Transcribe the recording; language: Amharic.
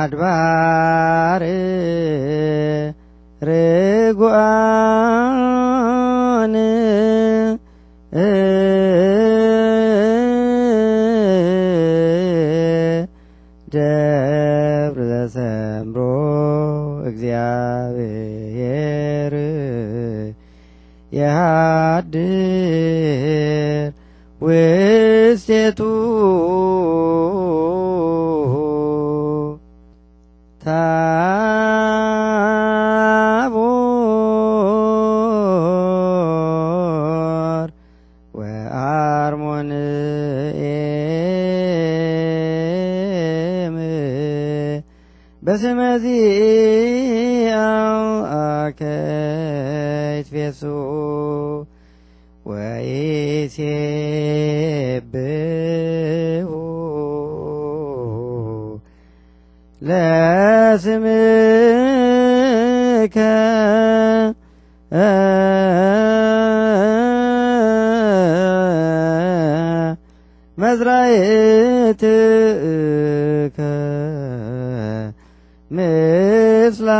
አድባር ርጉአን ደብረ ዘሰምሮ እግዚአብሔር የሃድር ውስቴቱ ታቦር ወአርሞንኤም በስመዚአው ወይሴ ለስምከ መዝራእትከ ምስላ